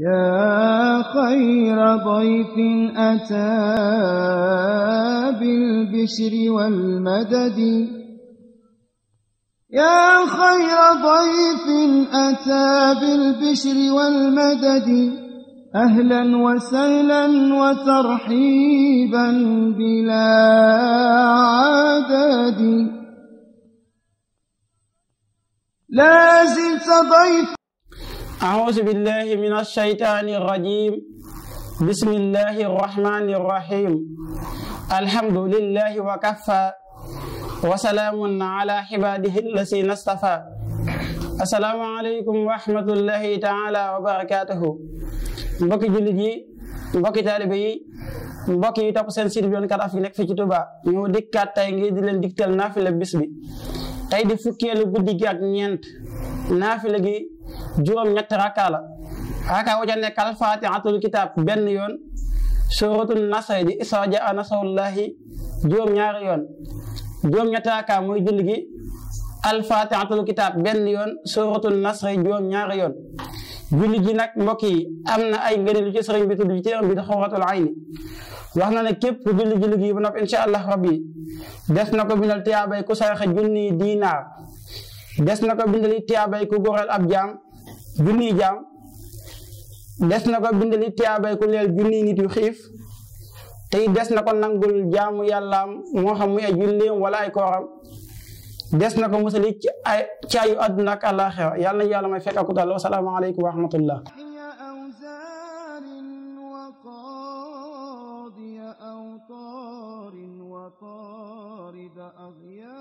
يا خير ضيف أتى بالبشر والمدد يا خير ضيف أتى بالبشر والمدد أهلا وسهلا وترحيبا بلا عدد لا زلت ضيفا أعوذ بالله من الشيطان الرجيم بسم الله الرحمن الرحيم الحمد لله وكفى وسلام على عباده الذين اصطفى السلام عليكم ورحمة الله تعالى وبركاته مبكي جلدي مبكي تالبي مبكي يتاق سنسير بيون كرا في نك في توبا نيو ديكات تايغي دي لن ديكتال نافل بسبي تاي دي فوكيلو بودي كاك نينت naafila gi juróom-ñett rakka la rakka wa ca kal fatihatul kitab ben yon suratul nasr di isa ja anasallahi juróom ñaar yon alfat ñett rakka moy gi fatihatul kitab ben yon suratul nasr juróom ñaar yon julli gi nak mbokk yi amna ay ngeenel ci serigne bi tudd ci téeram bi di xawratul waxna ne kep julli julli gi bu allah rabbi des na ko bindal ku des na ko bindali tiabay ku góoral ab jam junniy jam des na ko bindali tiabay ku lel junniy nit yu xiif tey des na ko nangul jamu yalla mo xam muy ay julleem wala ay koram des na ko musali ci ay caayu àdduna ak àllaaxira yàlla yàlla may fekk aku dal wasalaamu alaykum wa rahmatullah وطارد أغيار